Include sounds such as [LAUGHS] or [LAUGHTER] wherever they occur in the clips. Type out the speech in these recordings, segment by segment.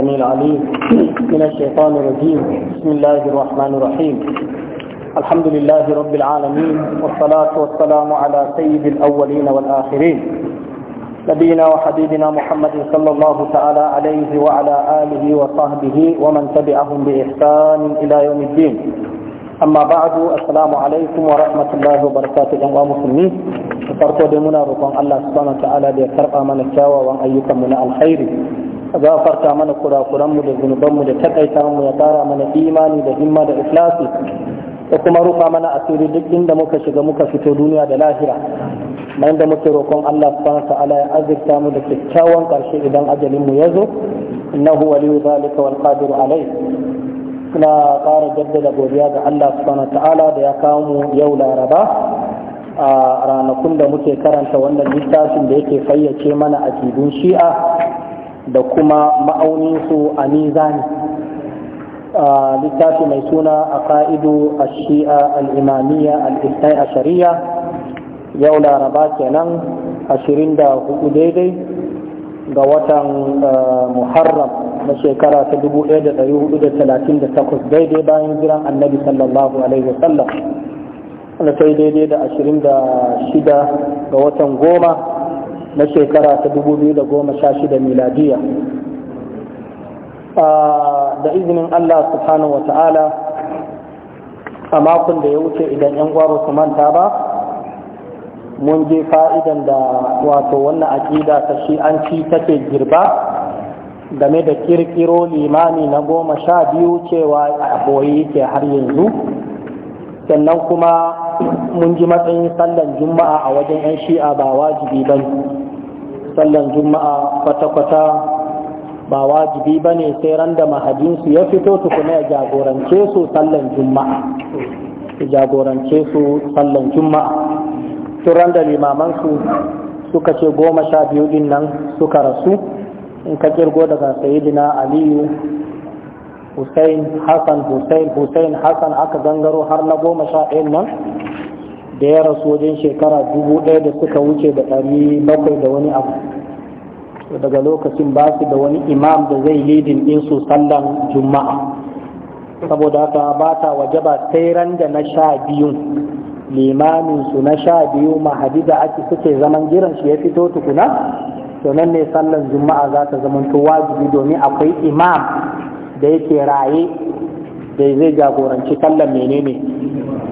السميع العليم من الشيطان الرجيم بسم الله الرحمن الرحيم الحمد لله رب العالمين والصلاة والسلام على سيد الأولين والآخرين نبينا وحبيبنا محمد صلى الله تعالى عليه وعلى آله وصحبه ومن تبعهم بإحسان إلى يوم الدين أما بعد السلام عليكم ورحمة الله وبركاته أيها المسلمين da farko dai muna roƙon Allah subhanahu ta'ala da ya karɓa mana kyawawan ayyukan mu na alkhairi a gafarta mana kurakuran mu da zunuban mu da takaita mu ya ƙara mana imani da himma da ikhlasi da kuma rufa mana asiri duk inda muka shiga muka fito duniya da lahira mai da muke roƙon Allah subhanahu ta'ala ya azurta mu da kyakkyawan ƙarshe idan ajalin mu ya zo innahu waliyu zalika wal qadiru alayh na ƙara jaddada godiya ga Allah subhanahu ta'ala da ya kawo mu yau laraba a ranakun da muke karanta wannan littafin da yake fayyace mana a kidun shi'a da kuma su a mizani littafi mai suna a ka'idu a shi'a al'imamiyya al'istai a shari'a yau laraba kenan 24 daidai ga watan muharram na shekara ta 1438 daidai bayan jiran annabi sallallahu alaihi wasallam wanda ta daidai da ashirin da shida ga watan goma na shekara ta dubu biyu da goma sha shida miladiya da izinin Allah subhanahu wa ta'ala a makon da ya wuce idan 'yan gwaro su manta ba mun je fa'idan da wato wannan aƙida ta shi'anci take girba game da kirkiro limami na goma sha biyu cewa a boye yake har yanzu sannan kuma mun ji matsayin sallan juma'a a wajen 'yan shi'a ba wajibi ba ne, sallan juma'a kwata-kwata ba wajibi ba ne sai ran da mahadinsu ya fito tukuna ya jagorance su sallan juma'a ya jagorance su sallan juma'a ran da limamansu suka ce goma sha biyu din nan suka rasu in ka kirgo daga sayidina aliyu Hussein Hassan Hussein Hussein Hassan aka gangaro har na goma sha ɗayan nan da ya rasu wajen shekara dubu ɗaya da suka wuce da ɗari bakwai da wani abu daga lokacin ba su da wani imam da zai lidin ɗinsu sallan juma'a saboda haka ba ta waje ba sai ran da na sha biyu limamin su na sha biyu mahadi da ake suke zaman jiran shi ya fito tukuna to nan ne sallan juma'a za ta zamanto wajibi domin akwai imam da yake raye da zai jagoranci sallar menene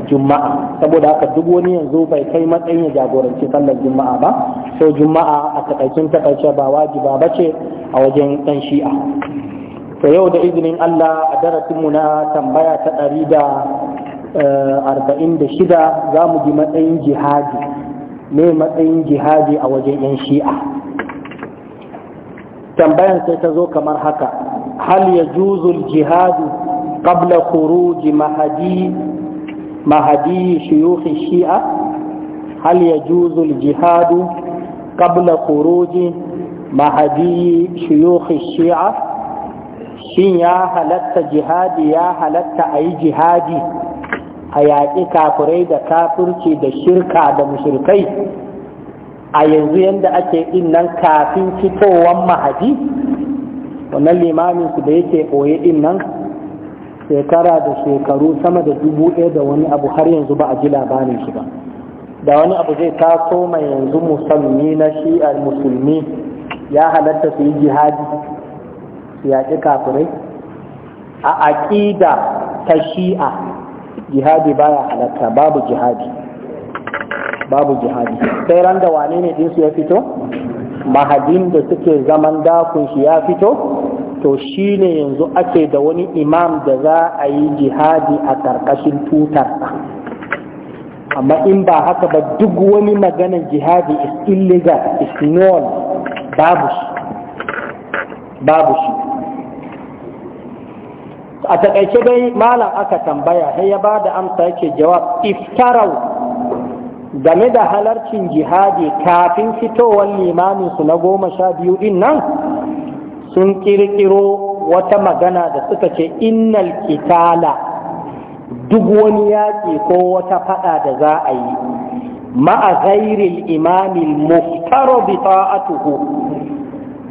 juma'a saboda haka duk wani yanzu bai kai matsayin ya jagoranci sallar juma'a ba so juma'a a takaicin takaice ba wajiba ba ce a wajen ɗan shi'a to yau da izinin Allah a darasin mu na tambaya ta ɗari da eh, arba'in da shida za mu ji matsayin jihadi ne matsayin jihadi a wajen 'yan shi'a tambayan sai ta zo kamar haka هل يجوز الجهاد قبل خروج مهدي مهدي شيوخ الشيعه هل shin ya halatta jihadi ya halatta a yi jihadi a yaƙi kafirai da kafurci da shirka da mushirkai a yanzu yadda ake nan kafin fitowan mahadi wannan limamin su da yake ɓoye din nan shekara da shekaru sama da dubu ɗaya da wani abu har yanzu ba a ji labarin shi ba da wani abu zai taso mai yanzu musulmi na shi'ar musulmi ya halatta su yi jihadi su yaƙi kafirai a aƙida ta shi'a jihadi baya halatta babu jihadi babu jihadi sai ran da wane ne su ya fito mahadin da suke zaman dakun shi ya fito to shi ne yanzu ake da wani imam da za a yi jihadi a ƙarƙashin tutar. amma in ba haka ba duk wani maganar jihadi is illegal is known babu shi babu shi a taƙaice dai malam aka tambaya sai ya ba da amsa yake jawab iftarau game da halarcin jihadi kafin fitowar su na goma sha biyu din nan sun kirkiro wata magana da suka ce innal kitala duk wani yaƙi ko wata faɗa da za a yi ma'a ghairil imamil muftaro bi ta'atuhu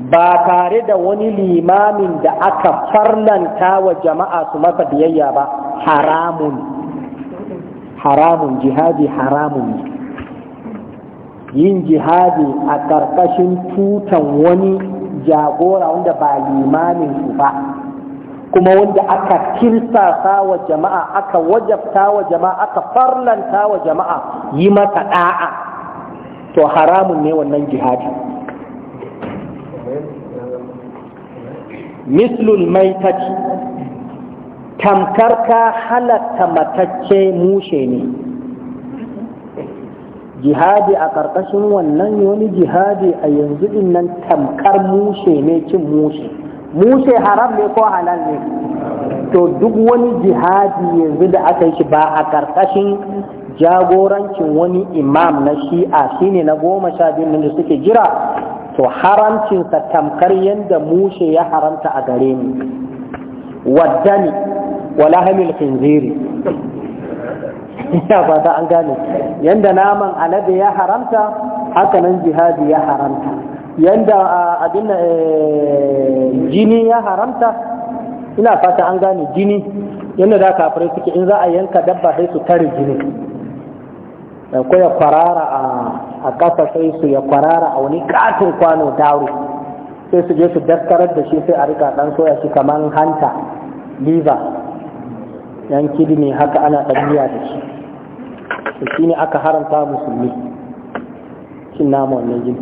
ba tare da wani limamin da aka farlanta wa jama'a su masa biyayya ba haramun haramun jihadi haramun yin jihadi a ƙarƙashin tutan wani jagora wanda ba limanin su ba kuma wanda aka kirsasa wa jama'a aka wajabta wa jama'a aka farlanta wa jama'a yi masa ɗa'a to haramun ne wannan jihadi mislul maitati tamkar ka halatta matacce mushe ne jihadi a ƙarƙashin wannan wani jihadi a yanzu din nan tamkar mushe ne cin mushe mushe haram ne ko halal ne to duk wani jihadi yanzu da aka yi shi ba a ƙarƙashin jagorancin wani imam na shi'a shine na goma sha biyu da suke jira to haramcinsa tamkar yadda mushe ya haramta a gare ni waddani wala hamil khinziri ina fata an gane yanda naman alade ya haramta haka nan jihadi ya haramta yanda abin eh, jini ya haramta ina fata an gane jini yanda da kafirai suke in za a yanka dabba sai su tare jini ko ya kwarara a kasa sai su ya kwarara a wani katin kwano dawo, sai su je su daskarar da shi sai a rika dan soya shi kamar hanta liver yan ne haka ana ɗabiya da shi da shi ne aka haramta musulmi cin nama wannan jini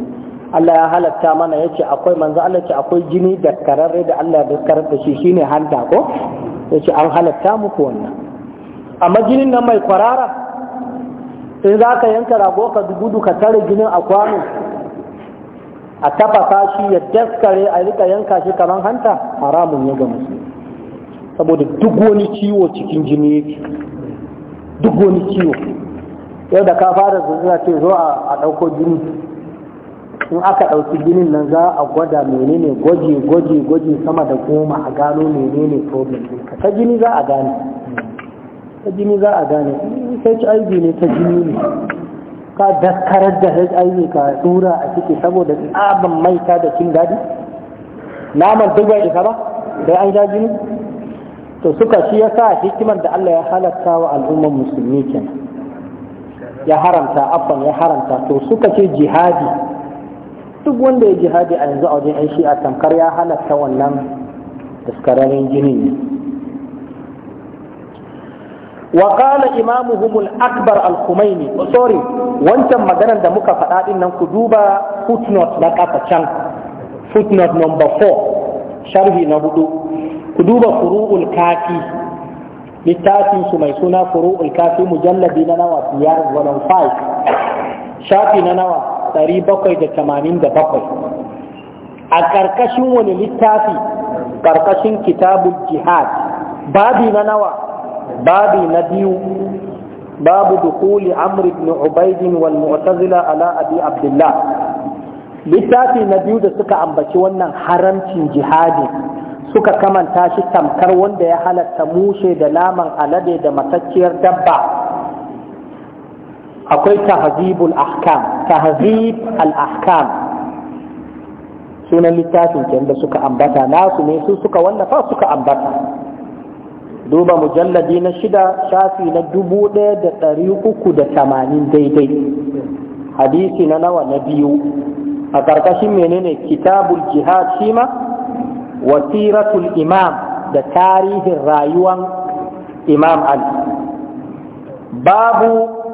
Allah ya halatta mana ya ce akwai manzo Allah ce akwai jini da kararre da Allah ya daskarar da shi shine hanta ko ya ce an halatta muku wannan amma jinin nan mai kwarara in za ka yanka rago ka gudu ka tare jinin a kwano a tafasa shi ya daskare a rika yanka shi kamar hanta haramun ne ga musulmi saboda duk wani ciwo cikin jini yake duk wani ciwo yau da ka fara zuzuna ce zo a ɗauko jini in aka ɗauki jinin nan za a gwada menene gwaji gwaji gwaji sama da goma a gano menene problem ka ta jini za a gane ta jini za a gane hiv ne ta jini ne ka daskarar da hiv ka tura a ciki saboda tsaban maita da cin daɗi naman duk bai isa ba sai an ja jini to suka shi ya sa hikimar da Allah ya halatta wa al'ummar musulmi kenan ya haramta afan ya haramta to suka ce jihadi duk wanda ya jihadi a yanzu a wajen yan shi'a tamkar ya halatta wannan daskararren jinin ne al-khumaini oh, sorry الأكبر الخميني da muka مجانا din nan ku duba footnote na لك can footnote number 4 sharhi na hudu ku duba furu'ul kafi littafin su mai suna furu'ul kafi mujalladi na nawa biyar wannan five shafi na nawa ɗari bakwai da tamanin da bakwai a ƙarƙashin wani littafi ƙarƙashin kitabul jihad babi na nawa babi na biyu babu dukuli amr ibn ubayd wal mu'tazila ala abi abdullah littafi na biyu da suka ambaci wannan haramcin jihadin suka kamanta shi tamkar wanda ya halatta mushe da naman alade da matacciyar dabba akwai tahzibul ahkam tahzib al ahkam sunan littafin ke da suka ambata nasu ne su suka wallafa suka ambata duba mujalladi na shida shafi na dubu ɗaya da ɗari uku da tamanin daidai hadisi na nawa na biyu a ƙarƙashin menene kitabul jihad shima wasiratul imam da tarihin rayuwan imam ali babu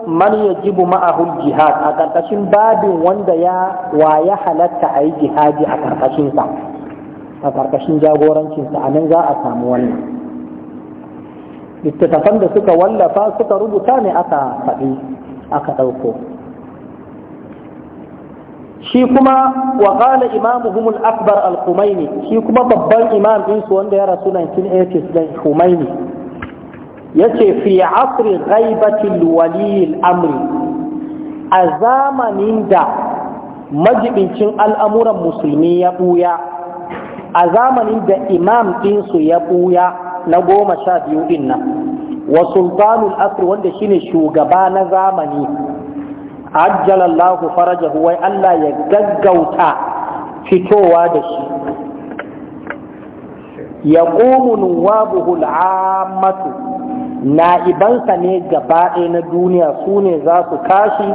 man jibu ma'ahul jihad a ƙarƙashin babin wanda ya waya halatta a yi jihadi a ƙarƙashinsa a ƙarƙashin jagorancinsa a nan za a samu wannan littattafan da suka wallafa suka rubuta ne aka faɗi aka ɗauko shi kuma wa qala imamuhum al-akbar al-Khumaini shi kuma babban imam din su wanda ya rasu 1980 da Khumaini yace fi asri ghaibati al-wali al-amri a zamanin da majibincin al'amuran musulmi ya buya a zamanin da imam din su ya buya na goma sha biyu din nan wa sultanul asri wanda shine shugaba na zamani ajjalallahu farajahu wai Allah ya gaggauta fitowa da shi ya ƙomu nuwabuhu al'ammatu na'ibansa ne gaba ɗaya na duniya sune ne za su kashi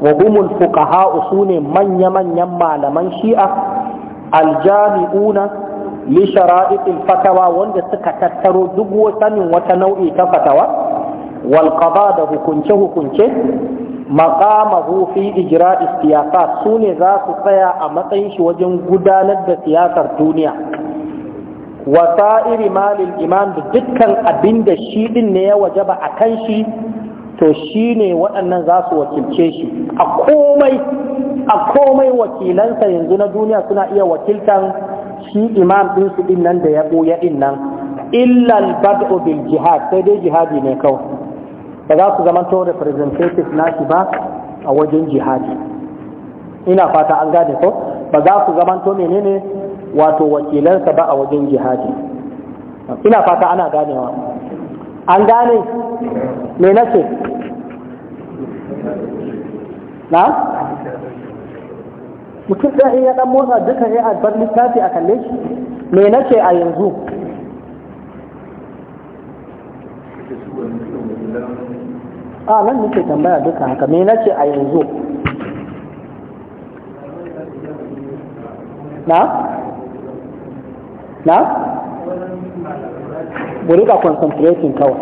wa humul fuqaha'u su ne manya-manyan malaman shi'a aljami'una li shara'itil fatawa wanda suka tattaro duk sanin wata nau'i ta fatawa walƙaba da hukunce-hukunce maƙamahu fi ijira siyasa su ne za su tsaya a matsayin shi wajen gudanar da siyasar duniya wasa iri malin iman da dukkan abin da shi ne ya wajaba a kan shi to shi ne waɗannan za su wakilce shi a komai a wakilansa yanzu na duniya suna iya wakiltan shi imam ɗinsu ɗin nan da ya ɓoye ɗin nan illal bad'u bil jihad sai dai jihadi ne kawai ba za su to representative nashi ba a wajen jihadi ina fata an gane ko ba za su to menene wato wakilansa ba a wajen jihadi ina fata ana ganewa an gane me nace na mutum ɗaya ya ɗan motsa duka ya bar littafi a kalle shi me nace a yanzu a nan nake tambaya duka haka me nace a yanzu na na buri ka concentrating kawai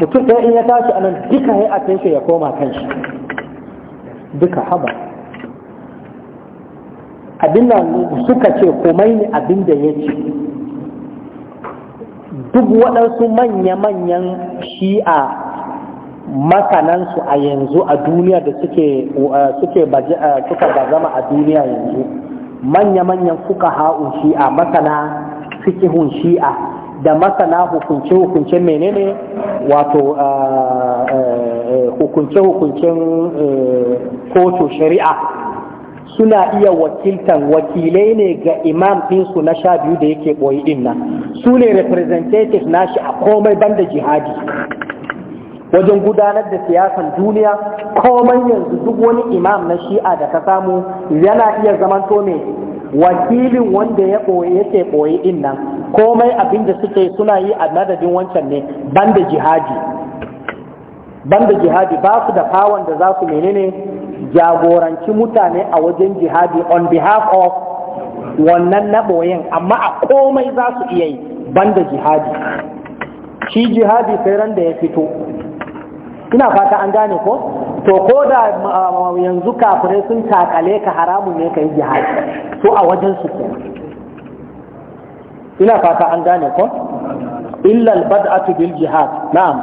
mutum ɗaya in ya tashi a nan duka ya attention ya koma kan shi duka haba abin da suka ce komai ne abin da ya ce duk waɗansu manya-manyan shi'a masanansu a yanzu a duniya da suke uh, uh, suka bazama a duniya yanzu manya-manyan fuka ha'un shi'a masana fikihun shi'a da masana hukunce-hukunce menene wato uh, hukunce-hukuncen kotu shari'a suna iya wakiltan wakilai ne ga imam ɗinsu na sha biyu da yake ɓoyi ɗin nan su ne representative nashi a komai banda jihadi wajen gudanar da siyasar duniya komai yanzu duk wani imam na shi'a da ka samu yana iya zamanto ne wakilin wanda ya ɓoye yake ɓoye din nan komai abin da suke suna yi a madadin wancan ne banda jihadi banda jihadi ba su da fawon da za su menene jagoranci mutane a wajen jihadi on behalf of wannan na boyen amma a komai za su iya yi banda jihadi shi jihadi sai ran da ya fito ina fata an gane ko to ko da yanzu kafirai sun takale ka haramun ne ka yi jihadi to a wajen su ke ina fata an gane ko illa albad'atu bil jihad na'am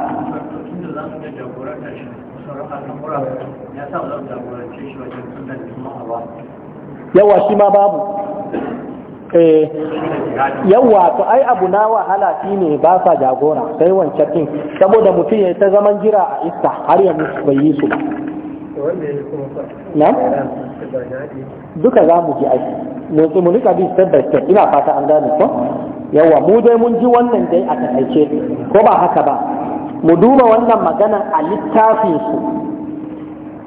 yawa shi ma babu Eh, Yawwa to ai abu na wahala shi ne ba sa jagora sai wancan din saboda mutum ya ta zaman jira a iska har musu bai yi su ba na duka za mu ji aiki motsi mu rika bi step by step ina fata an gane ko yawa mu dai mun ji wannan dai a takaice ko ba haka ba mu duba wannan magana a littafin su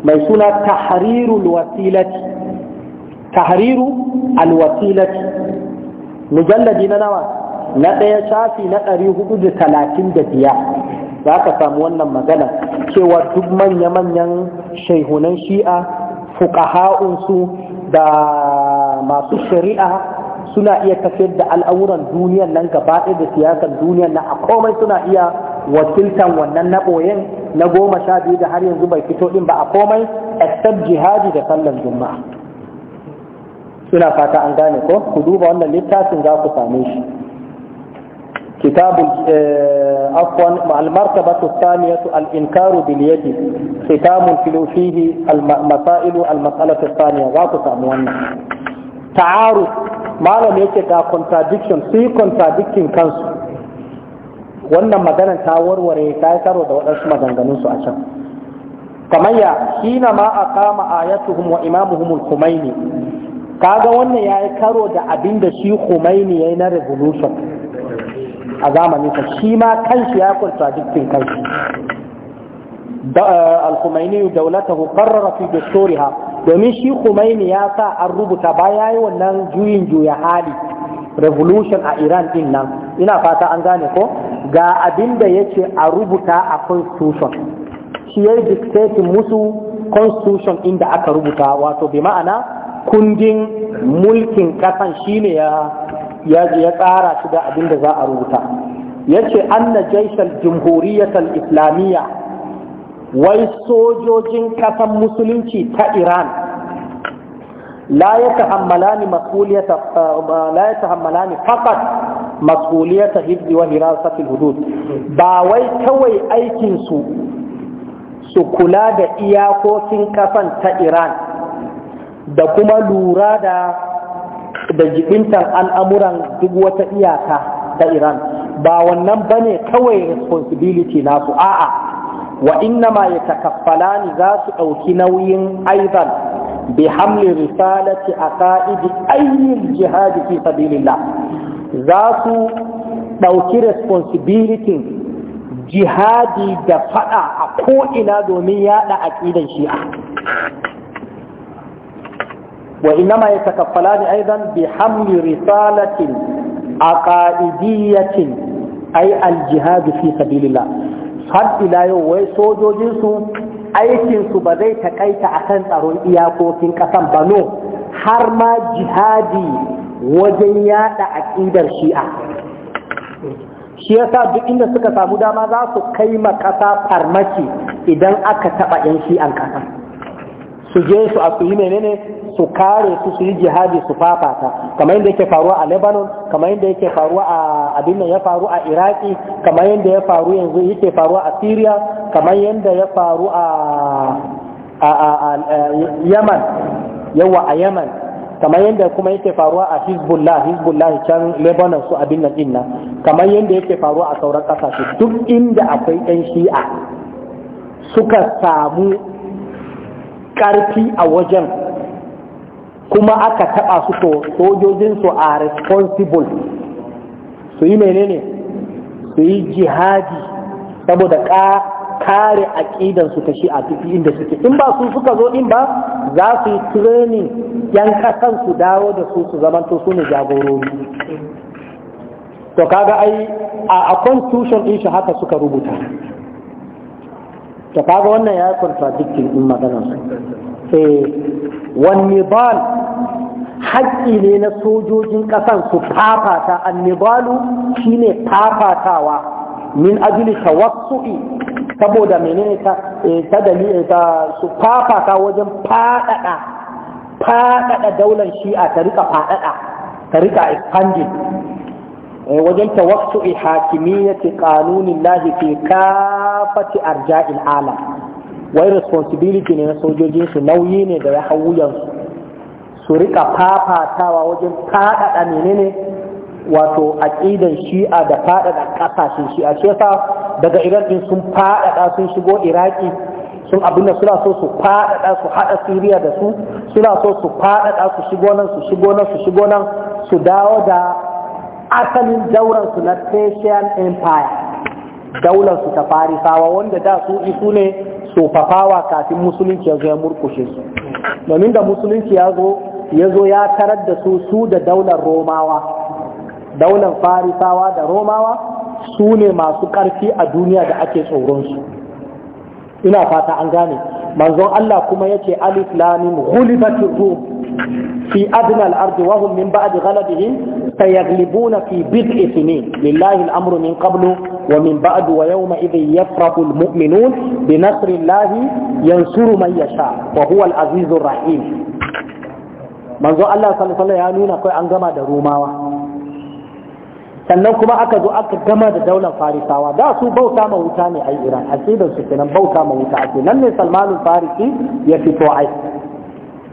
mai suna tahrirul wasilati tahriru alwasilati mujalladi na nawa na ɗaya shafi na ɗari hudu da talatin da biya za ka samu wannan magana cewa duk manya-manyan shaihunan shi'a fuqaha'unsu da masu shari'a suna iya tafiyar da al'auran duniyan nan gaba ɗaya da siyasar duniyan nan a komai suna iya wakiltan wannan na ɓoyen na goma sha biyu da har yanzu bai fito ɗin ba a komai a jihadi da sallar juma'a ina fata an gane ko ku duba wannan littafin za ku same shi كتاب عفوا المرتبة الثانية الإنكار باليد ختام فيه المسائل المسألة الثانية ذات ساموانا تعارض ما لم يكن contradiction yi contradicting kansu wannan maganar ta warware ta yi karo da waɗansu maganganun su a can kamar ya shi na ma a kama ayatuhum wa imamuhum al-kumaini kaga wannan ya yi karo da abin da shi Khomeini ya yi na revolution a zamanin sa shi ma kanshi ya jikin kanshi eh, al-Khomeini daulatahu karrara fi ha domin shi Khomeini ya sa an rubuta ba ya yi wannan juyin juya hali revolution a Iran din nan ina fata an gane ko ga abin da ce a rubuta a constitution shi ya yi dictating musu constitution inda aka rubuta wato bi ma'ana kundin mulkin kasan shine ya ya tsara shi da abin da za a rubuta yace anna jaishal jumhuriyatal islamiyya wai sojojin kasan musulunci ta iran la ya tahammalani mas'uliyata la ya faqat mas'uliyata hibdi wa hudud ba wai kawai aikin su su kula da iyakokin kasan ta iran da kuma lura da da al'amuran duk wata iyaka da Iran ba wannan bane kawai responsibility nasu a'a wa innama ya takaffala ni za su ɗauki nauyin aizan bi hamli risalati a ka'idi ainihin jihadi fi sabilillah za su ɗauki responsibility jihadi da faɗa a ko'ina domin yaɗa aƙidan shi'a وإنما يتكفلان أيضا بحمل رسالة عقائدية أي Ai Aljihadi سبيل الله har ila yau wai sojojinsu aikinsu ba zai taƙaita a kan tsaron iyakokin ƙasan ba no har ma jihadi wajen yada aƙidar shi'a shi yasa duk inda suka samu dama za su kai ma ƙasa farmaki idan aka taɓa 'yan shi'an ƙasa su je su a su menene su kare su su yi jihadi su fafata kamar yadda yake faruwa a Lebanon kamar yadda yake faruwa a abin ya faru a Iraki kamar yadda ya faru yanzu yake faruwa a Syria kamar yadda ya faru a Yaman yawa a Yaman kamar yadda kuma yake faruwa a Hezbollah Hezbollah can Lebanon su abin nan din kamar yadda yake faruwa a sauran kasashe duk inda akwai ɗan shi'a suka samu ƙarfi a wajen kuma aka taɓa su to sojojinsu a responsible su yi menene su yi jihadi saboda kare aƙidansu ta shi a duk inda suke in ba su suka zo in ba za su yi training yan ƙasan su dawo da su su zamanto su ne jagorori to kaga ai a constitution din shi haka suka rubuta to kaga wannan ya contradicting din magana su eh haƙƙi ne na sojojin ƙasan su fafata annibalu shine fafatawa min ajli tawassu'i saboda menene ta eh, ta dalili eh, ta su fafata wajen fadada fadada daular shi'a ta rika fadada ta rika expanding Eh, wajen tawassu'i hakimiyyati qanunillahi fi kafati arja'il alam wai responsibility ne na sojojin su nauyi ne da ya hau wuyansu su rika fafatawa wajen faɗaɗa menene wato aqidan shi'a da faɗaɗa ƙasashen shi'a shi yasa daga iran din sun faɗaɗa sun shigo iraki sun abinda suna so su faɗaɗa su haɗa siriya da su suna so su faɗaɗa su shigo nan su shigo nan su shigo nan su dawo da asalin dauransu na Persian Empire daularsu ta farisawa wanda da su isu ne sofafawa kafin musulunci ya zo ya murkushe su domin da musulunci ya zo ya zo ya tarar da su su da daular romawa daular farisawa da romawa su ne masu ƙarfi a duniya da ake tsoron su, ina fata an gane manzon Allah kuma yake alif lamim ghulibatir في أدنى الأرض وهم من بعد غلبهم سيغلبون في بضع سنين لله الأمر من قبل ومن بعد ويومئذ يفرح المؤمنون بنصر الله ينصر من يشاء وهو العزيز الرحيم manzo Allah sallallahu alaihi ya nuna kai an gama da Romawa sannan kuma aka zo aka gama da daular Farisawa da su bauta ma wuta ne ai Iran aqidan su kenan bauta ma wuta ake nan ne Salmanun Farisi ya fito ai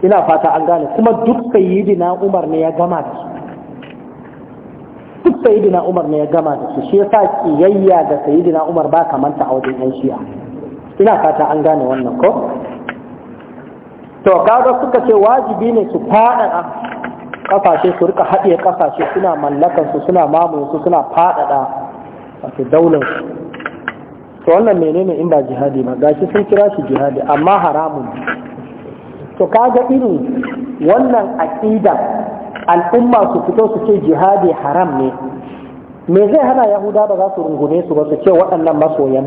ina fata an gane kuma duk na umar ne ya gama da su duk na umar ne ya gama da su shi yasa kiyayya da na umar ba kamanta a wajen yan shi'a ina fata an gane wannan ko to kaga suka ce wajibi ne su faɗaɗa ƙasashe su rika haɗe kasashe suna mallakan su suna mamun su suna faɗaɗa wato daular su to wannan menene in ba jihadi ba gashi sun kira shi jihadi amma haramun to kaga irin wannan aƙidan al'umma su fito su ce jihadi haram ne me zai hana yahuda ba za su rungume su ba su ce waɗannan masoyan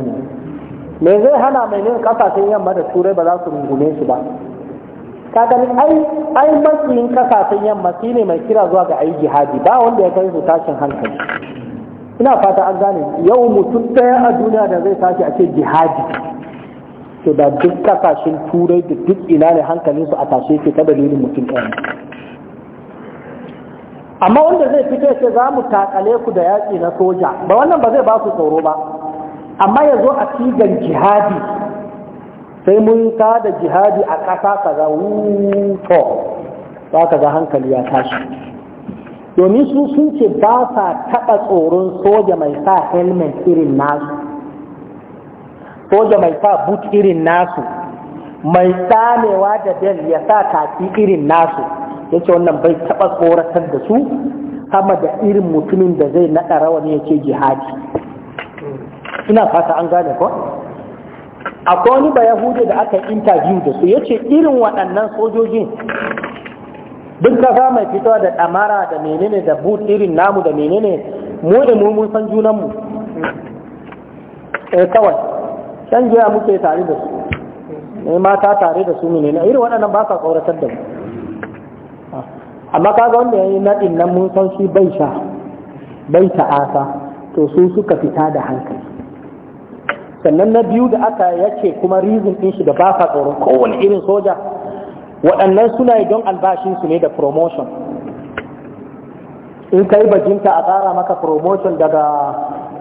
ne me zai hana mai ne kasashen yamma da turai ba za su rungume su ba kaga ni ai ai matsayin kasashen yamma shine mai kira zuwa ga ai jihadi ba wanda ya kai su tashin hankali ina fata an gane yau mutum ɗaya a duniya da zai tashi a ce jihadi to da duk kasashen turai da duk ina ne su a tashe ke ta dalilin mutum ɗaya amma wanda zai fito ce za mu takale ku da yaƙi na soja ba wannan ba zai ba su tsoro ba amma ya zo a sigan jihadi sai mun ka da jihadi a ƙasa ka za wuto za ka ga hankali ya tashi domin su sun ce ba sa taɓa tsoron soja mai sa helmet irin nasu Ko da mai sa but irin nasu mai samewa da bel ya sa kaki irin nasu ya ce wannan bai taɓa tsoratar da su sama da irin mutumin da zai naɗa ne ya ce jihadi ina fata an gane ko akwai wani ba yahudi da aka interview da su ya ce irin waɗannan sojojin duk kasa mai fitowa da ɗamara da menene da but irin namu da menene mu da mu mun san junanmu eh, kawai can jiya muke tare da su ne mata tare da su ne na irin waɗannan ba sa tsoratar da mu amma kaga wanda ya yi naɗin nan mun san shi bai sha bai ta'asa to su suka fita da hankali sannan na biyu da aka yace kuma rizin ɗin shi da ba sa tsoron kowane irin soja waɗannan suna yi don albashinsu ne da promotion in ka yi bajinta a tsara maka promotion daga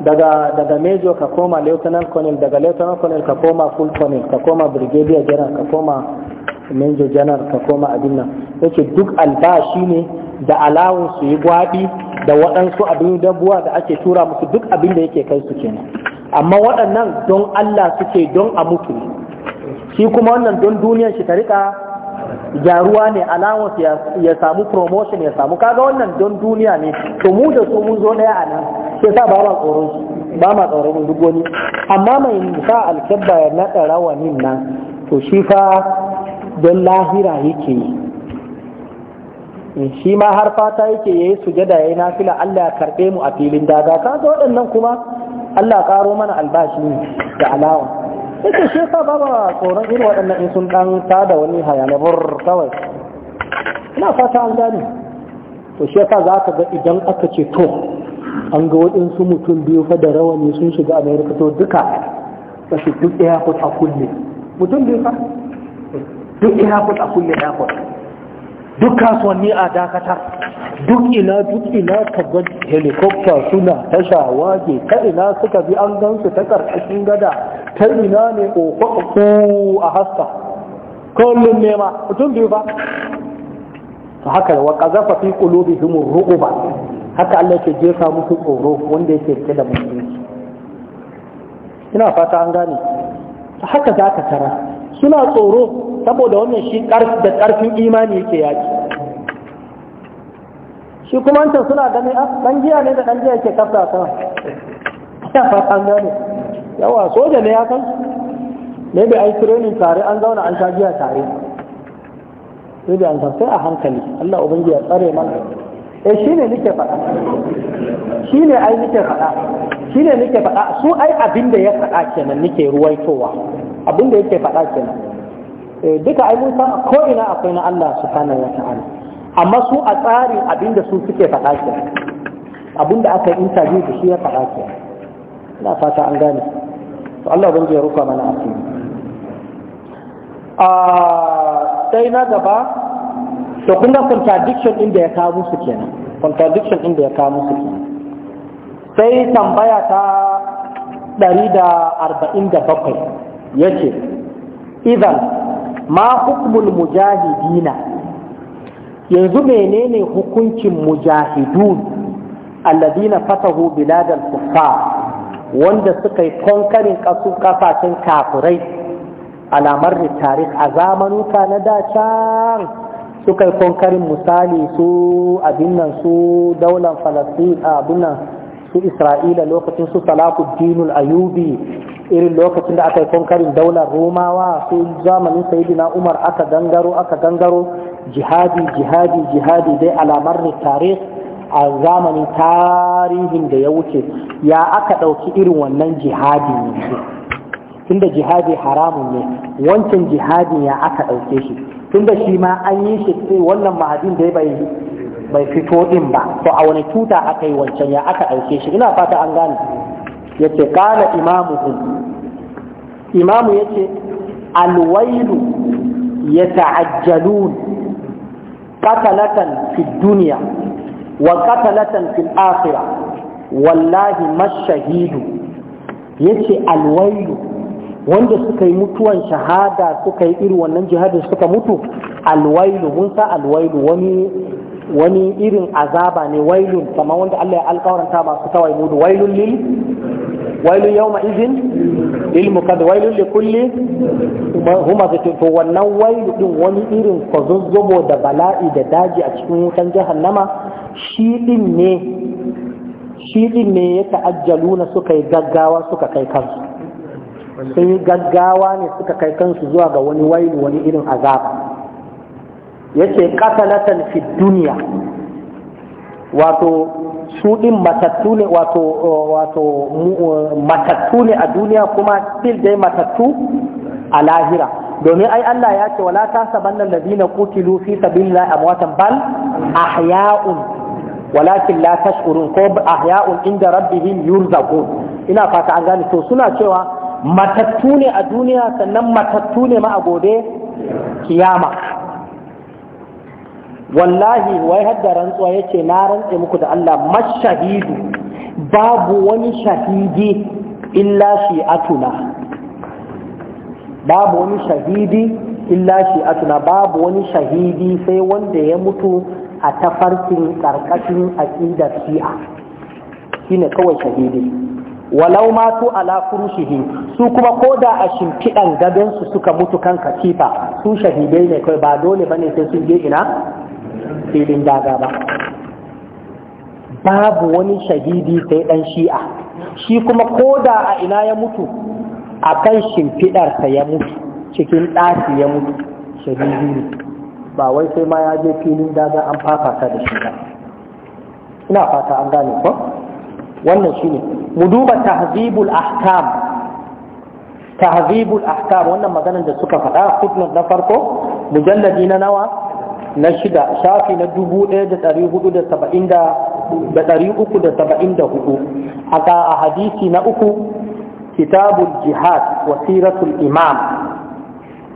daga daga mejo ka koma lieutenant colonel daga lieutenant colonel ka koma full colonel ka koma brigadier general ka koma major general ka koma abin nan yace duk albashi ne da alawun su yi gwadi da waɗansu abin dabuwa da ake tura musu duk abin da yake kai su kenan amma waɗannan don Allah suke don a mutu shi kuma wannan don duniyar shi ta rika gyaruwa ne allowance ya samu promotion ya samu kaga wannan don duniya ne to mu da su mun zo ɗaya a nan sai sa ba ma tsoron su ba ma tsoron duk wani amma mai sa alkebba ya naɗa rawanin nan to shi fa don lahira yake yi eh, shi ma har fata yake ya yi sujada ya yi nafila Allah ya karɓe mu a filin daga ka ga waɗannan kuma Allah ƙaro mana albashi da alawa yake shi sa ba ba tsoron irin waɗannan in sun ɗan tada wani hayanabar kawai ina fata an gane to shi sa za ka ga idan aka ce to an ga waɗansu mutum biyu fa da rawani sun shiga amerika to duka ba su duk airport a kulle mutum biyu fa duk airport a kulle airport duk kasuwanni a dakatar duk ina duk ina ka ga suna ta shawa ke ta ina suka bi an gansu ta karkashin gada ta ina ne ƙoƙo a haska kullum nema mutum biyu ba haka wa ƙazafa fi ƙulubi himun ba. haka Allah yake jefa muku tsoro wanda yake rike da musulunci ina fata an gane haka za ka tara suna tsoro saboda wannan shi da ƙarfin imani yake yaki shi kuma an suna gani a ah, ɗan giya ne da ɗan giya ke kasa ta ina fata an gane yawa soja ne ya san ne bai ai training tare an zauna an sha giya tare sai da an sai a hankali Allah ubangiji ya tsare mana E shi ne nike faɗa shi ne ai nike faɗa shi ne nike faɗa su ai abin da ya faɗa kenan nike ruwaitowa abin da yake faɗa kenan eh, duka ai mun san ko ina akwai na Allah subhanahu wa ta'ala amma su a tsarin abin da su suke faɗa kenan abin da aka yi interview da shi ya faɗa kenan ina fata an gane to Allah ban ya rufa mana asiri a ah, sai na gaba to kun ga contradiction inda ya kawo musu kenan contradiction inda ya kawo musu kenan sai tambaya ta 147 yace idan ma hukumul mujahidina yanzu menene hukuncin mujahidun alladina fatahu biladal kufa wanda suka yi konkarin kasashen kafurai, alamar tarih a zamanuka na da can suka yi konkarin misali su abin su daular falastin abin nan su isra'ila lokacin su Dinul, ayubi irin lokacin da aka yi konkarin daular romawa su zamanin na umar aka gangaro aka gangaro jihadi jihadi jihadi dai alamar tarih a zamanin tarihin da ya wuce ya aka ɗauki irin wannan jihadi ne tunda jihadi haramun ne wancan jihadin ya aka ɗauke shi tun da shi ma an yi shi sai wannan mahadin dai bai bai fito din ba to a wani tuta aka yi wancan ya aka ɗauke shi ina fata an gane yace kana imamuhum imamu yace alwailu yata'ajjalun qatalatan fid dunya wa qatalatan fil akhirah wallahi mashahidu yace alwailu wanda suka yi mutuwan shahada suka yi irin wannan jihadin suka mutu alwailu mun sa alwailu wani wani irin azaba ne wailun kamar wanda Allah ya alkawaranta masu kawai mudu wailun lil wailun yawma izin lil mukad wailun li kulli huma to wannan wailu din wani irin kozozzobo da bala'i da daji a cikin wutan jahannama shi din ne shi din ne ya ta'ajjaluna suka yi gaggawa suka kai kansu sun yi gaggawa ne suka kai kansu zuwa ga wani wailu wani irin azaba yace qatalatan fi duniya wato su din matattu ne wato wato matattu ne a duniya kuma fil dai matattu a lahira domin ai Allah ya ce wala nan ladina qutilu fi sabilillahi amwatan bal ahya'un walakin la tashkurun ko ahya'un inda rabbihim yurzaqun ina fata an gane to suna cewa matattu ne a duniya sannan matattu ne ma a gobe kiyama wallahi wai hadda rantsuwa ya ce na rantse muku da Allah mashahidu babu wani shahidi illa shi atuna babu wani shahidi illa shi atuna babu wani shahidi sai wanda ya mutu a tafarkin ƙarƙashin aƙidar shi'a ne kawai shahidi walau matu ala furshihi su kuma ko da a shimfiɗan gadonsu suka mutu kan katifa su shahidai ne kai ba dole bane sai sun je ina filin daga ba babu wani shahidi sai ɗan shi'a shi kuma ko da a ina ya mutu a kan shimfiɗarsa ya mutu cikin ɗasi ya mutu shahidi ne ba wai sai ma ya je filin daga an fafata da shi ba ina fata an gane ko wannan shine mu duba tahzibul ahkam tahzibul ahkam wannan maganar da suka faɗa footnote na farko mujalladi na nawa na shida shafi na dubu ɗaya da ɗari hudu da saba'in da ɗari uku a hadisi na uku kitabul jihad wasiratul imam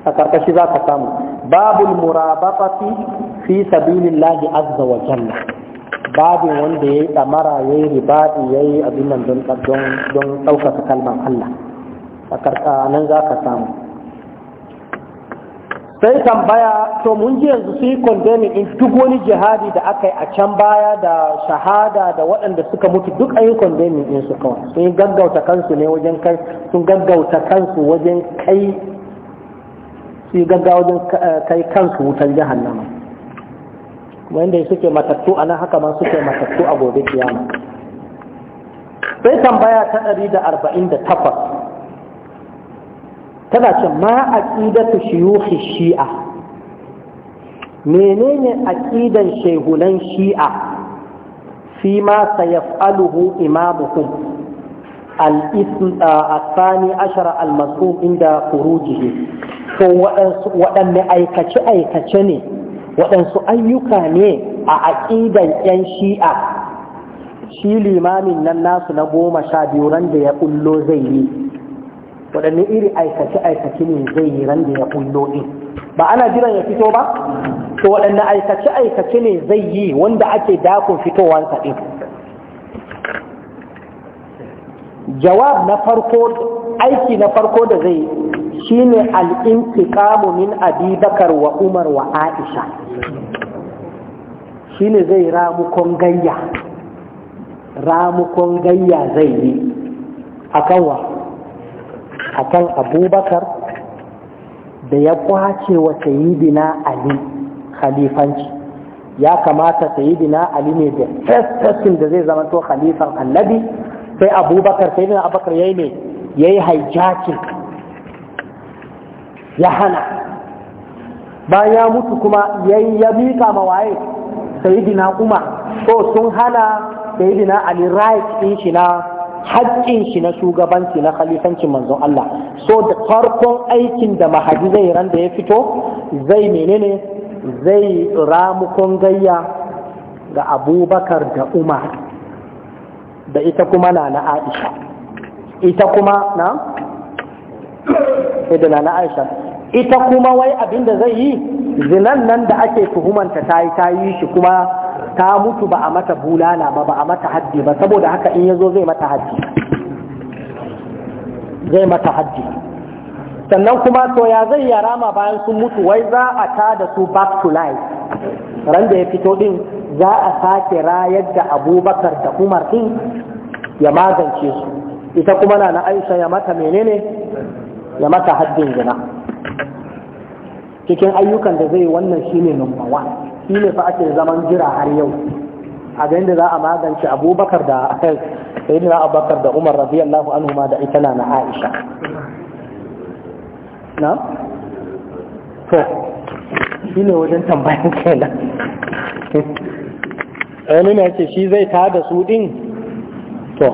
a karkashi za ka samu babul murabaqati fi sabilillahi azza wa jalla babin wanda yayi tsamara yayi ribaɗi yayi abin nan don ɗaukaka kalmar Allah a karka nan za ka samu sai tambaya to mun ji yanzu su yi condemning in duk wani jihadi da aka yi a can baya da shahada da waɗanda suka mutu duk a yi condemning in su kawai sun gaggauta kansu ne wajen kai sun gaggauta kansu wajen kai su gaggawa wajen eh, kai kansu wutan jahannama kuma inda suke matattu a nan haka ma suke matattu a gobe kiyama sai tambaya ta ɗari da arba'in da tana ce ma aqidatu shuyukh shi'a menene aqidan shehunan shi'a fi ma sayaf'aluhu imamuhum الاسم الثاني عشر المذكور عند خروجه to waɗanne aikace-aikace ne waɗansu ayyuka ne a aƙidan 'yan shi'a shi limamin nan nasu na goma sha biyu da ya ƙullo zai yi waɗanne iri aikace-aikace ne zai yi ran da ya kullo ɗin ba ana jiran ya fito ba to waɗanne aikace-aikace ne zai yi wanda ake dakon sa ɗin jawab na farko aiki na farko da zai shine al'intiƙamu min abubakar wa umar wa aisha shine zai ramukon gayya ramukon gayya zai yi a akan abubakar da ya kwace wa sayidina ali khalifanci ya kamata sayidina ali ne da first da zai zama to khalifan annabi sai abubakar sayidina abubakar yi ne yayi haijakin ya hana bayan ya mutu kuma yayi ya mika mawaye sayidina umar to sun hana sayidina ali right din shi na haƙƙin shi na shugabanci na khalifancin manzon Allah so da farkon aikin da mahadi zai ran da ya fito zai menene zai ramukon gayya ga abubakar da umar da ita kuma na na aisha ita kuma na da aisha ita kuma wai abinda zai yi zinan nan da ake tuhumanta ta yi ta yi shi kuma ta mutu ba a mata bulala ba ba a mata haddi ba saboda haka in yazo zai mata haddi zai mata haddi sannan kuma to ya zai ya rama bayan sun mutu wai za a ta da su back to life ran da ya fito din za a sake rayar da abubakar da umar din ya magance su ita kuma na na aisha ya mata menene ya mata haddin gina cikin ayyukan da zai wannan shine number one shi ne fa ake zaman jira har yau a ga da za a magance abubakar da sayyidina [LAUGHS] abubakar da umar radiyallahu anhu ma da ita na aisha na to shi ne wajen tambayan [LAUGHS] kenan wani ne ce shi zai ta da su din to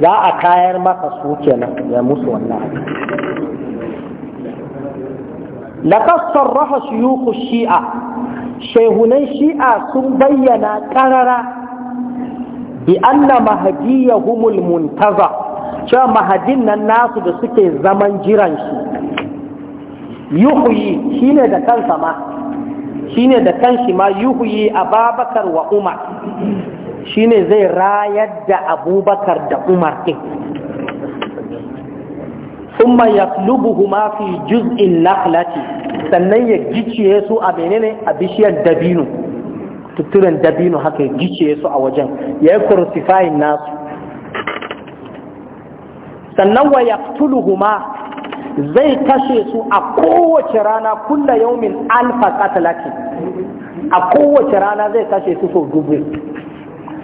za a kayar maka su kenan ya musu wannan لقد صرح شيوخ الشيعة shehunan shi'a sun bayyana ƙarara bi anna mahadiyahumul muntaza cewa mahadin nan nasu da suke zaman jiran shi yuhuyi shine da kansa ma shine da kanshi ma yuhuyi ababakar wa umar shine zai rayar da abubakar da umar ɗin ثم يقلبهما في جزء النخلة sannan ya gicciye su a menene a bishiyar dabino Tutturan dabino haka ya gicciye su a wajen ya yi crucifying nasu sannan wa yaqtuluhuma zai kashe su a kowace rana kulla yaumin alfa katalaki a kowace rana zai kashe su sau dubu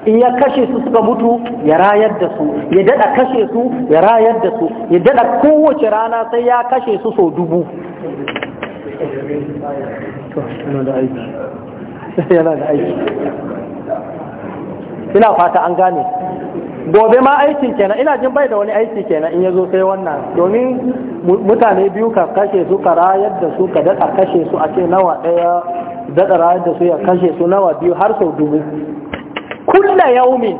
in ya kashe su suka mutu ya rayar da su ya dada kashe su ya rayar da su ya dada kowace rana sai ya kashe su sau dubu [LAUGHS] ina fata an gane gobe ma aikin kenan ina jin bai da wani aiki kenan in ya zo sai wannan domin mutane biyu ka kashe su ka rayar da su ka daɗa kashe su a ce nawa ɗaya daɗa rayar da su ya kashe su nawa biyu har sau dubu kulla yaumi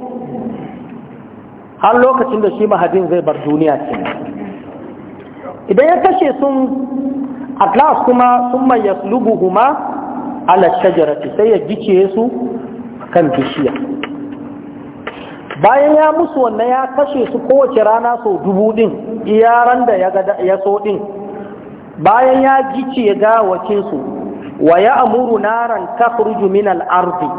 har lokacin da shi mahadin zai bar duniya ce idan ya kashe sun atlas kuma sun mai yaslubuhuma ala shajarati sai ya gice su kan bishiya bayan ya musu wannan ya kashe su kowace rana sau dubu din iyaran da ya so din bayan ya gice su wa ya amuru naran takhruju min al-ardi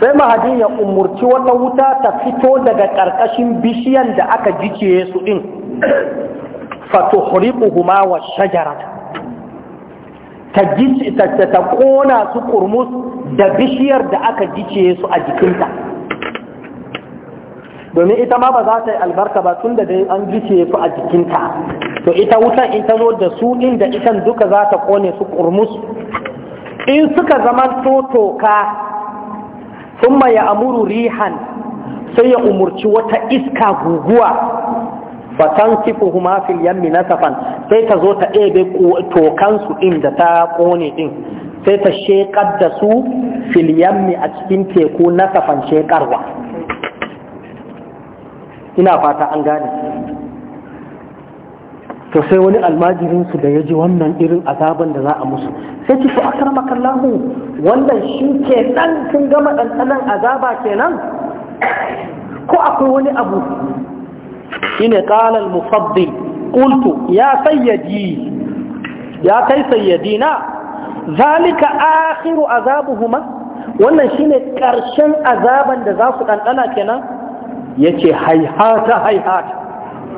sai mahadin ya umurci wannan wuta ta fito daga ƙarƙashin bishiyan da aka gice su din fatuhriquhuma wa shajarata ta ta ta kona su kurmus da bishiyar da aka gice su a jikinta domin ita ma ba za ta yi albarka ba tun da dai an gice su a jikinta to ita wutan in ta zo da su inda itan duka za ta kone su kurmus in suka zama totoka sun ya amuru rihan sai ya umurci wata iska guguwa Ba san huma fil yammi nasafan sai ta zo ta ebe tokan su din da ta kone din sai ta shekar da su fil yammi a cikin teku nasafan shekarwa ina fata an gane to sai wani almajirin su da ya ji wannan irin azaban da za a musu sai ci su akar makallahu wannan shi ke dan kun gama ɗanɗanon azaba kenan ko akwai wani abu shine qala al-mufaddil qultu ya sayyidi ya kai sayyidina zalika akhiru azabuhuma wannan shine karshen azaban da za su dandana kenan yace haihata haihata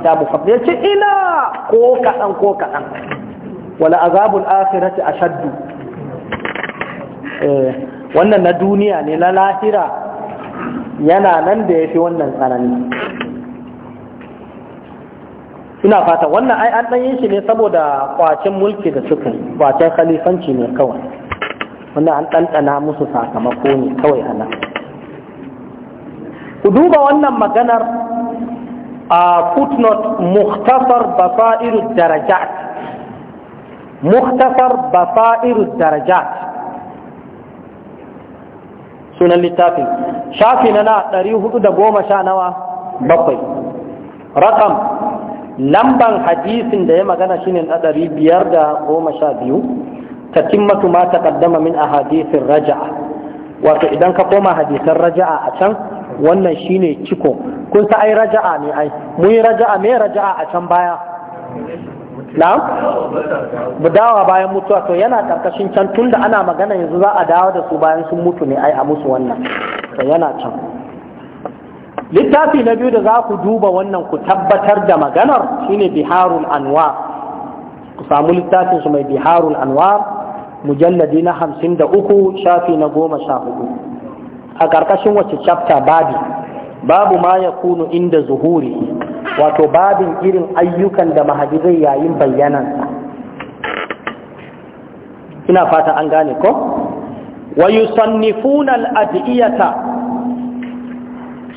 ya mufaddil yace ila ko kadan ko kadan wala azabul akhirati ashaddu eh, wannan na duniya ne na lahira yana nan da yafi wannan tsanani ina fata wannan ai an ɗanyen shi ne saboda kwacin mulki da suka kwacin khalifanci ne kawai wannan an ɗanɗana musu sakamako ne kawai a nan ku duba wannan maganar a footnote muktafar basairu darajat muktasar basairu darajat sunan littafin shafi na na sha nawa bakwai rakam lamban hadisin da ya magana shine na ɗari biyar da goma sha biyu ta cimmatu ma ta kaddama min a hadisin raja'a wato idan ka koma hadisan raja'a a can wannan shine ciko kun sa ai raja'a ne ai mun yi raja'a me raja'a a can baya na'am dawa bayan mutuwa to yana karkashin can tunda ana magana yanzu za a dawo da su bayan sun mutu ne ai a musu wannan to yana can littafi na biyu da za ku duba wannan ku tabbatar da maganar shine biharul anwar ku samu littafin su mai biharul anwar mujalladi na hamsin da uku shafi na goma sha hudu a ƙarƙashin wacce chapter babi babu ma ya kunu inda zuhuri wato babin irin ayyukan da mahadi zai yayin bayyanansa ina fata an gane ko wa yusannifuna al-adiyata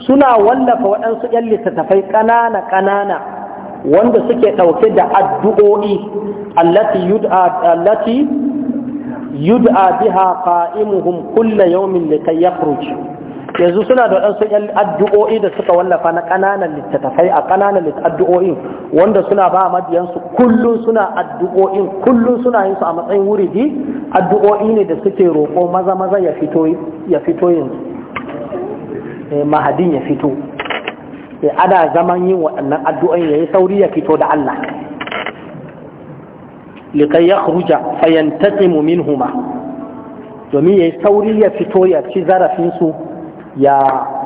suna wallafa waɗansu ‘yan littattafai ƙanana-ƙanana wanda suke ɗauke da addu'o'i allati yud'a biha qa'imuhum kulla yawmin likay yakhruj yanzu suna da waɗansu ‘yan addu'o'i da suka wallafa na ƙananan littattafai a ƙananan addu'o'in wanda suna ba mabiyansu kullum suna addu'o'in kullum suna yin su a matsayin wuridi addu'o'i ne da suke roƙo maza maza ya fito yanzu mahadin ya fito ana zaman yin waɗannan addu'an ya yi sauri ya fito da Allah likai ya kuruja fayantatsimu min huma domin ya yi sauri ya fito ya ci zarafinsu ya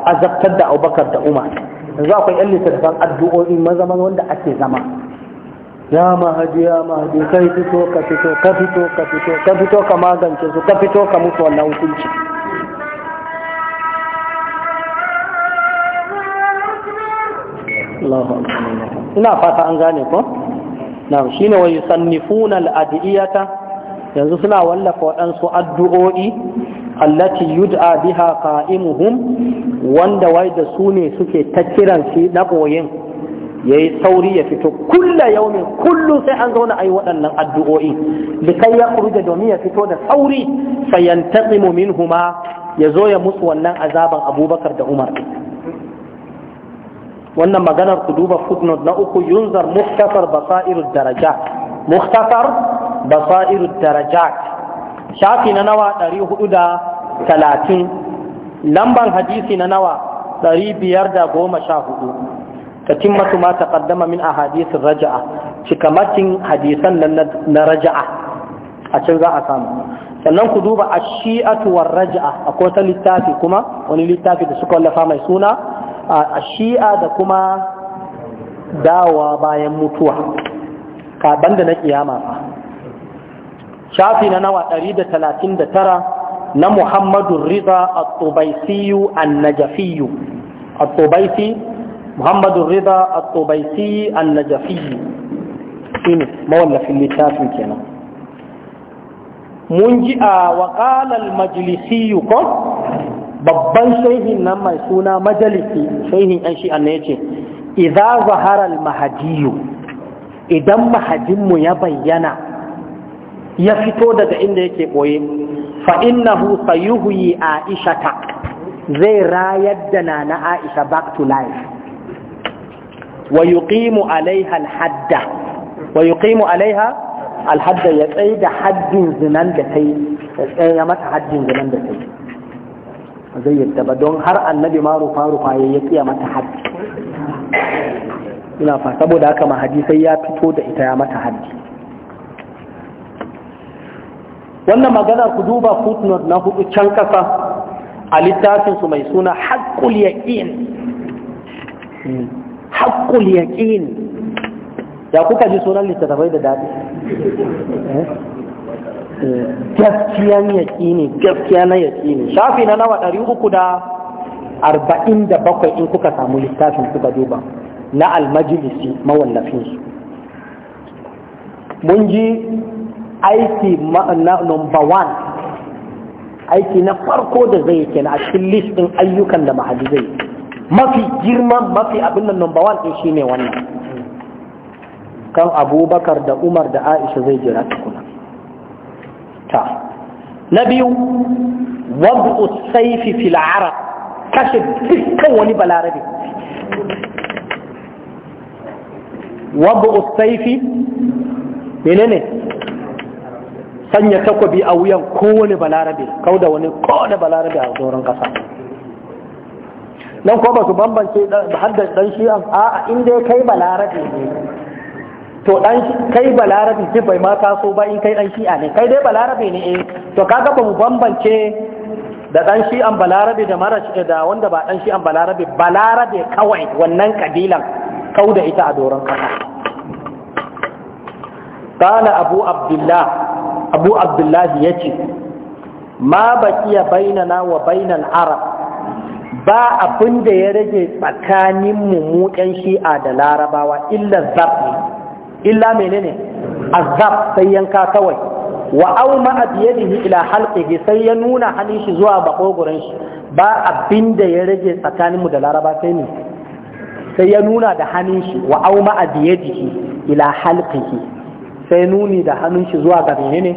azabtar da abubakar da umar yanzu akwai yan littattafan addu'o'in mazaman wanda ake zama ya mahadi ya mahadi kai fito ka fito ka fito ka fito ka fito ka magance su ka fito ka mutu wannan hukunci ina fata an gane ko na'am shine wa yusannifuna al-adiyata yanzu suna wallafa waɗansu addu'o'i allati yud'a biha qa'imuhum wanda wai da su ne suke ta kiran shi na boyin yayi sauri ya fito kulla yaumin kullu sai an zauna ayi waɗannan addu'o'i likai ya kurje domin ya fito da sauri fayantaqimu minhuma ya zo ya musu wannan azaban abubakar da umar wannan maganar ku duba footnote na uku yunzar muhtasar basairu darajat muhtasar basairu darajat shafi na nawa 430 lamban hadisi na nawa 514 تتمة ما تقدم من hadisan nan na rajaa. A can za a أسامه sannan ku duba ashi'atu war raja'a akwai ta littafi kuma wani littafi da suka wallafa mai suna a shi'a da kuma dawa bayan mutuwa kaban da na kiyama fa, shafi na nawa 139 na muhammadun riza at-tubaisiyu an-najafiyu at-tubaisi muhammadun riza at an-najafiyu shine mawallafin littafin kenan mun ji a waƙalar majalisiyu ko babban shaihin nan mai suna majalisi shaihin yan shi'an ne ce idan zaharar al-mahdiyu idan mahadinmu ya bayyana ya fito daga inda yake ɓoye, fa'innahu sayuhu innahu Aisha ta, zai rayar da na aisha back to life wa yuqimu alaiha al-hadda wa yuqimu alaiha al-hadda ya tsaida haddin zinan da ta yi, ya mata haddin zinan da ta yi. ba zai yadda ba don har annabi ma rufa rufa ya kiya mata haddi ina fa saboda haka ma hadisai ya fito da ita ya mata haddi wannan magana ku duba footnote na hudu can kasa a littafin su mai suna haƙƙul yaƙin. haƙƙul hmm. yaƙin ya kuka ji sunan littattafai da daɗi eh? gaskiyan yaƙini gaskiya na ne, shafi na nawa ɗari uku da arba'in da bakwai in kuka samu littafin kuka duba na almajilisi mawallafin su mun ji aiki na number one aiki na farko da zai yi a cikin listin ayyukan da mahalli zai mafi girman mafi abin da number one ɗin shine wannan kan abubakar da umar da aisha zai jira tukuna ta na biyu wadda saifi fil arab kashe dukkan wani balarabe wadda saifi menene sanya takobi a wuyan kowane balarabe kau da wani kowane balarabe a doron kasa nan ko su bambance har da dan shi'an a'a inda kai balarabe ne to dan kai balarabi ce bai ma taso ba in kai dan shi'a ne kai dai balarabe ne eh to kaga ba mu bambance da dan an balarabe da mara da wanda ba dan an balarabe balarabe kawai wannan kabilan kau da ita a doron kasa قال Abu عبد الله أبو عبد الله يجي ما بقي بيننا وبين ba abin da ya rage tsakanin mu mu shi'a da larabawa illa zafi illa menene azab sai yanka kawai wa auma abiyadihi ila halqihi sai ya nuna hannun shi zuwa bakogoran shi ba abin da ya rage tsakanin mu da laraba sai ne sai ya nuna da hannun shi wa auma abiyadihi ila halqihi sai nuni da hannun shi zuwa ga menene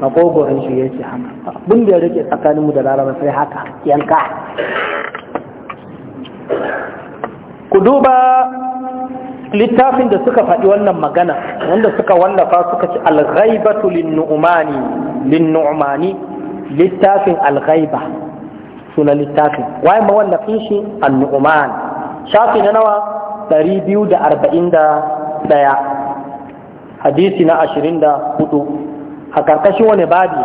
bakogoran shi yake haka abin da ya rage tsakanin mu da laraba sai haka yanka ku duba littafin da suka faɗi wannan magana wanda suka wallafa suka ci alghaibatu linnu'mani linnu'mani littafin alghaiba suna littafin waye ma wallafin shi annu'man shafi na nawa 241 hadisi na 24 a karkashin wani babi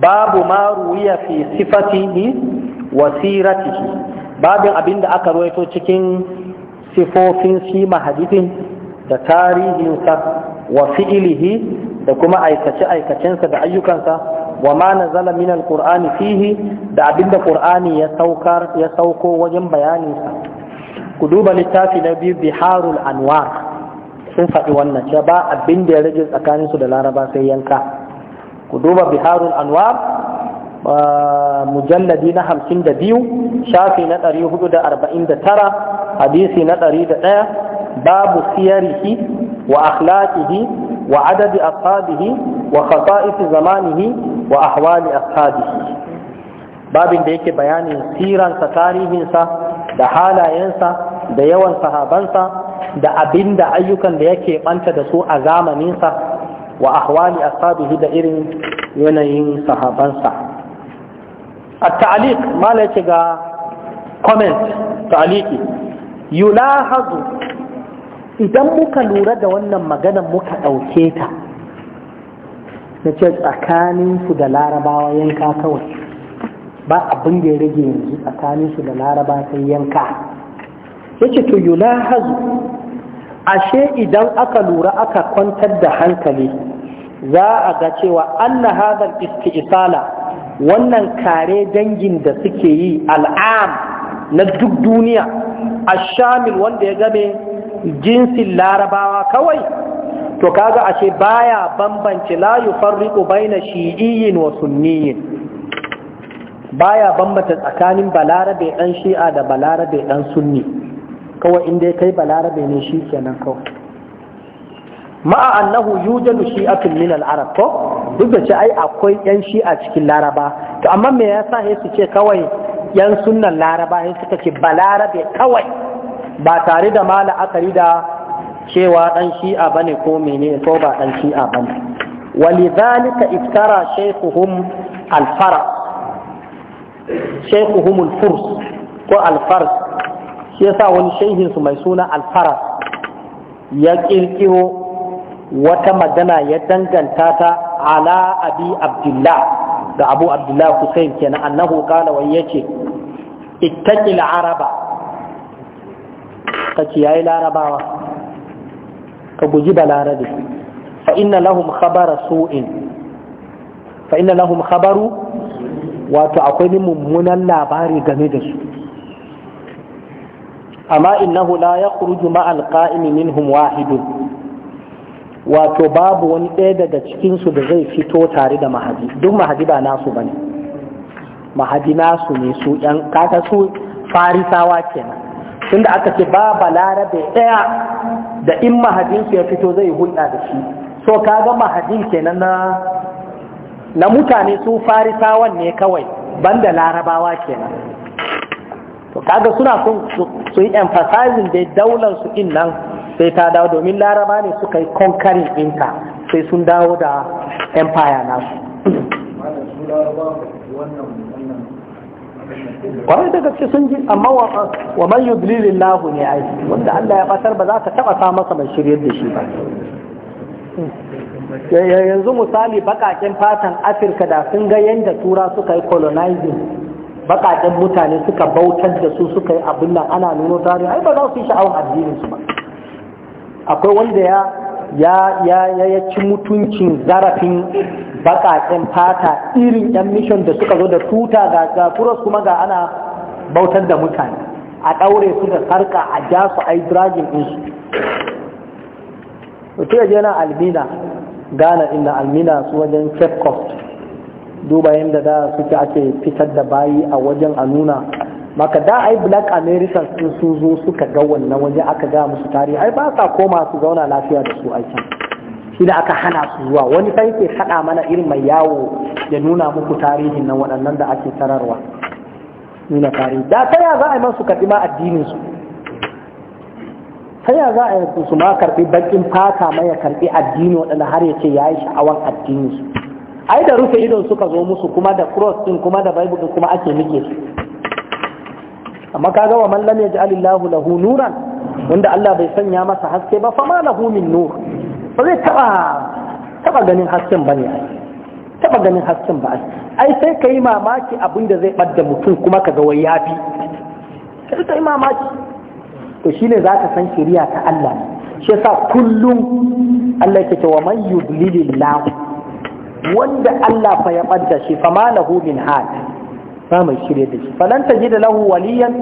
babu ma ruwiya fi sifatihi wasiratihi babin abinda aka ruwaito cikin sifofin shi mahadifin da tarihinsa wa fi'ilihi da kuma aikace-aikacensa da ayyukansa wa ma nazala min alqur'ani fihi da abinda qur'ani ya saukar ya sauko wajen bayaninsa ku duba littafi na biyu biharul anwar sun faɗi wannan ce ba abin da ya rage tsakaninsu da laraba sai yanka ku duba biharul anwar mujalladi na hamsin da biyu shafi na ɗari hudu da arba'in da tara hadisi na ɗari da ɗaya babu siyarihi wa akhlaqihi wa adadi ashabihi wa khasa'isi zamanihi wa ahwali ashabihi babin da yake bayanin siransa tarihinsa da halayensa da yawan sahabansa da abin da ayyukan da yake ɓanta da su a zamaninsa wa ahwali ashabihi da irin yanayin sahabansa التعليق ما لك comment تعليقي يلاحظ idan muka lura da wannan maganan muka ɗauke ta na ce tsakaninsu da larabawa yanka kawai ba abin da ya rage yanzu tsakaninsu da laraba sai yanka ya ce to yula hazu ashe idan aka lura aka kwantar da hankali za a ga cewa an na hazar isala. wannan kare dangin da suke yi al'am na duk duniya a ashamil wanda ya game jinsin larabawa kawai to kaga ashe baya bambance la yufarriqu na shi'iyyin wa sunniyin baya bambata tsakanin balarabe ɗan shi'a da balarabe ɗan sunni kawai inda ya kai balarabe ne shi kenan kawai ma'a annahu yujadu shi'atun min al-arab to duk da ce ai akwai yan shi'a cikin laraba to amma me yasa sai su ce kawai yan sunnan laraba sai suka ce balarabe kawai ba tare da ma la'akari da cewa dan shi'a bane ko menene ko ba dan shi'a bane walidhalika iftara shaykhuhum al-fara shaykhuhum al-furs ko al-fars shi yasa wani shehin su mai suna al-fara ya kirkiro wata magana ya danganta ta ala abi abdullah da abu abdullah husayn kenan annahu qala wai yace ittaqil araba ka kiyaye larabawa ka guji balarabe fa inna lahum khabara su'in fa inna lahum khabaru wato akwai mummunan labari game da su amma innahu la yakhruju ma alqa'imi minhum wahidun wato babu wani ɗaya daga cikinsu da zai fito tare da mahadi duk mahadi ba nasu ba ne mahadi nasu ne su ‘yan kata su farisawa kenan tunda aka ce ba balarabe ɗaya da in mahadinsu ya fito zai hulɗa da shi so kaga mahadin kenan na na mutane su farisawa ne kawai banda larabawa kenan to kaga suna sun su yi emphasizing da daular su nan sai ta dawo domin laraba ne suka yi conquering ɗinta sai sun dawo da empire nasu kwarai da gaske sun ji amma wa man yudlilin lahu ne ai wanda Allah ya batar ba za ka taba sa masa mai shiryar da shi ba yanzu misali bakaken fatan afirka da sun ga yadda tura suka yi colonizing bakaken mutane suka bautar da su suka yi abin nan ana nuno tarihi ai ba za su yi sha'awar addinin su ba akwai wanda ya ya ya ya ya ci mutuncin zarafin bakaken fata irin yan mission da suka zo da tuta ga ga kuma ga ana bautar da mutane a ɗaure su da sarka a ja su a yi dragin ɗinsu mutu ya na almina gana inda almina su wajen cape coast duba yadda da suke ake fitar da bayi a wajen a nuna maka da ai black americans sun sun zo suka ga wannan waje aka ga musu tarihi ai ba sa koma su zauna lafiya da su aiki shi da aka hana su zuwa wani sai ke hada mana irin mai yawo da nuna muku tarihin nan waɗannan da ake tararwa nuna tarihi da ta ya za a yi masu karɓi ma addinin su ta ya za a yi su ma karɓi bakin fata mai ya karɓi addini waɗanda har ya ce ya yi sha'awan addinin su ai da rufe idon suka zo musu kuma da cross din kuma da bible din kuma ake nike su amma kaga wa man lam yaj'alillahu lahu nuran wanda Allah bai sanya masa haske ba fa ma lahu min nur ba zai taba taba ganin hasken bane taba ganin hasken ba ai sai kai mamaki abin da zai badda mutum kuma kaga wai yafi sai kai mamaki to shine zaka san shari'a ta Allah shi yasa kullum Allah yake cewa man yudlilillahu wanda Allah fa ya badda shi fa ma lahu min hal ba mai da shi falan ta da lahu waliyan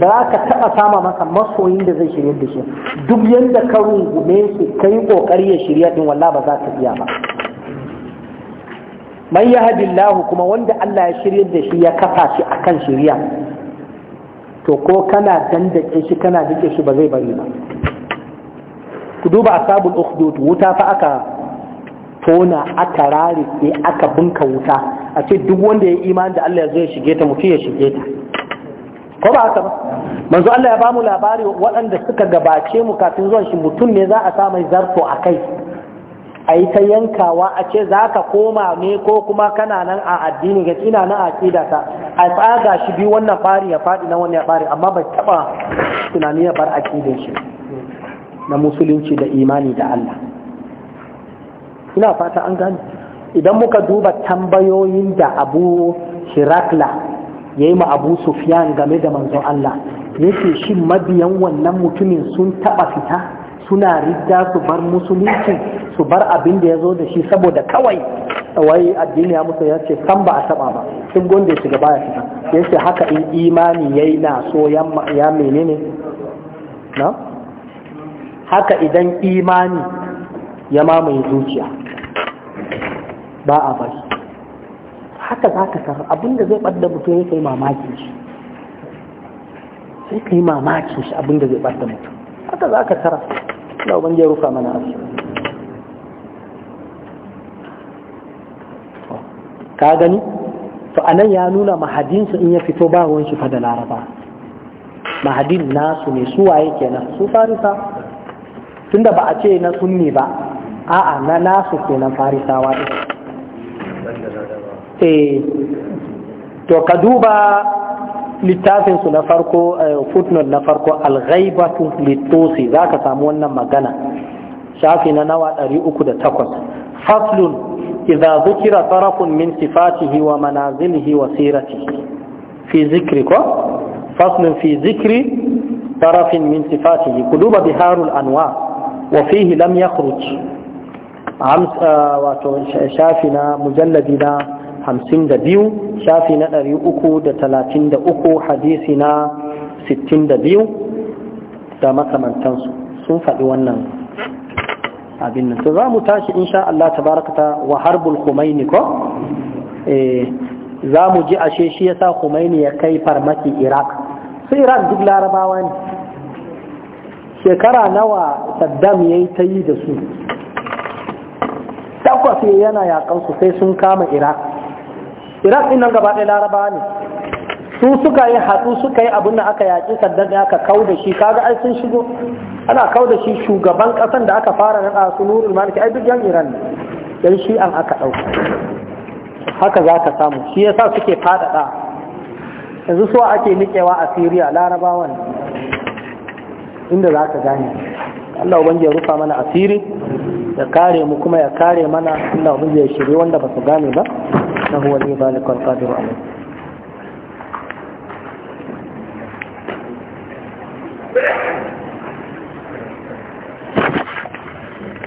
ba ka taɓa sama masa masoyin da zai shirya da shi duk yadda ka rungume su kayi yi ƙoƙari ya shirya din wallah ba za ka iya ba man yahdillahu kuma wanda Allah ya shirya da shi ya kafa shi akan shirya to ko kana dandake shi kana dike shi ba zai bari ba ku duba asabul ukhdud wuta fa aka tona aka rarike aka bunka wuta a ce duk wanda ya yi imani da Allah ya zo ya shige ta mutum ya shige ta ko ba haka ba manzo Allah ya bamu labari waɗanda suka gabace mu kafin zuwan shi mutum ne za a sa mai zarto a kai a yi ta yankawa a ce za ka koma ne ko kuma kana nan a addini ga ina nan a ta a tsaga shi biyu wannan fari ya faɗi na wannan ya fari amma bai taɓa tunani ya bar aƙidar shi na musulunci da imani da Allah ina fata an gane idan muka duba tambayoyin da abu shirakla ya yi ma abu sufiyan game da manzon Allah yake shi mabiyan wannan mutumin sun taɓa fita suna ridda su bar musulunci su bar abin da ya zo da shi saboda kawai wai addini ya musu ya ce san ba a taɓa ba sun gonde gaba ya fita ya ce haka in imani ya yi na so ya menene haka idan imani ya mamaye zuciya ba a bari haka za ka san abinda zai ɓadda mutum ya kai mamakin shi sai ka yi mamakin shi abinda zai ɓadda mutum haka za ka tara Allah ubangiji ya rufa mana asu ka gani to a nan ya nuna mahadinsu in ya fito ba ruwan shi fa da laraba mahadin nasu ne su waye kenan su farisa tunda ba a ce na sunni ba a'a na nasu kenan farisawa ɗin eh to ka duba littafin su na farko eh, footnote na farko al-ghaibatu litusi zaka samu wannan magana shafi na nawa 308 faslun idza dhukira tarafun min sifatihi wa manazilihi wa siratihi fi zikri ko faslun fi zikri tarafin min sifatihi kuduba biharul anwa wa fihi lam yakhruj hamsa wato shafi na mujalladi na hamsin da biyu shafi na ɗari uku da talatin da uku hadisi na sittin da biyu da makamantansu sun faɗi wannan abin nan to za mu tashi insha Allah barakata wa harbul kumaini ko eh, za mu ji ashe shi ya sa kumaini ya kai farmaki Iraq su Iraq duk larabawa ne shekara nawa Saddam yi ta yi da su takwas yana yakan su sai sun kama iraq iraq din nan gaba ɗaya laraba ne su suka yi hatsu suka yi abin da aka yaƙi sannan da aka kau da shi kaga ai sun shigo ana kau da shi shugaban ƙasan da aka fara naɗa su nuru maliki ai duk yan iran ne yan shi an aka ɗauka haka za ka samu shi yasa suke faɗaɗa yanzu so ake niƙewa a siriya larabawan inda za ka gane Allah ubangiji ya rufa mana asiri ya kare mu kuma ya kare mana Allah ubangiji ya shirye wanda ba su gane ba na huwa ne ba likon kadiru